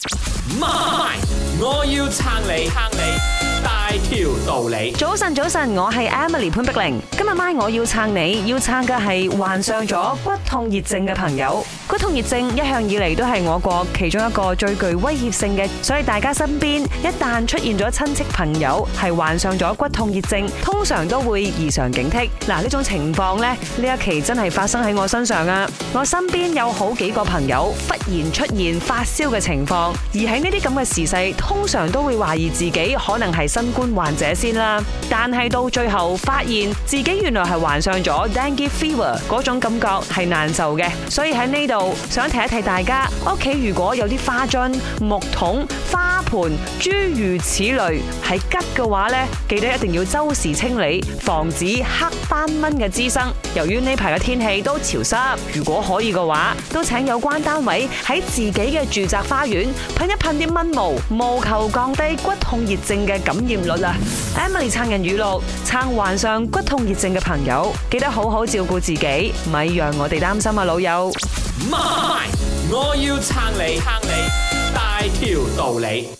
媽咪，My, 我要撐你，撐你。大條道理，早晨早晨，我係 Emily 潘碧玲。今日晚我要撐你，要撐嘅係患上咗骨痛熱症嘅朋友。骨痛熱症一向以嚟都係我國其中一個最具威脅性嘅，所以大家身邊一旦出現咗親戚朋友係患上咗骨痛熱症，通常都會異常警惕。嗱，呢種情況呢，呢一期真係發生喺我身上啊！我身邊有好幾個朋友忽然出現發燒嘅情況，而喺呢啲咁嘅時勢，通常都會懷疑自己可能係。新冠患者先啦，但係到最後發現自己原來係患上咗 dengue fever 嗰種感覺係難受嘅，所以喺呢度想提一提大家屋企如果有啲花樽、木桶、花。盤諸如此類，係吉嘅話呢，記得一定要周時清理，防止黑斑蚊嘅滋生。由於呢排嘅天氣都潮濕，如果可以嘅話，都請有關單位喺自己嘅住宅花園噴一噴啲蚊霧，務求降低骨痛熱症嘅感染率啊！Emily 撐人語錄：撐患上骨痛熱症嘅朋友，記得好好照顧自己，咪讓我哋擔心啊，老友！賣，我要撐你，撐你。道理。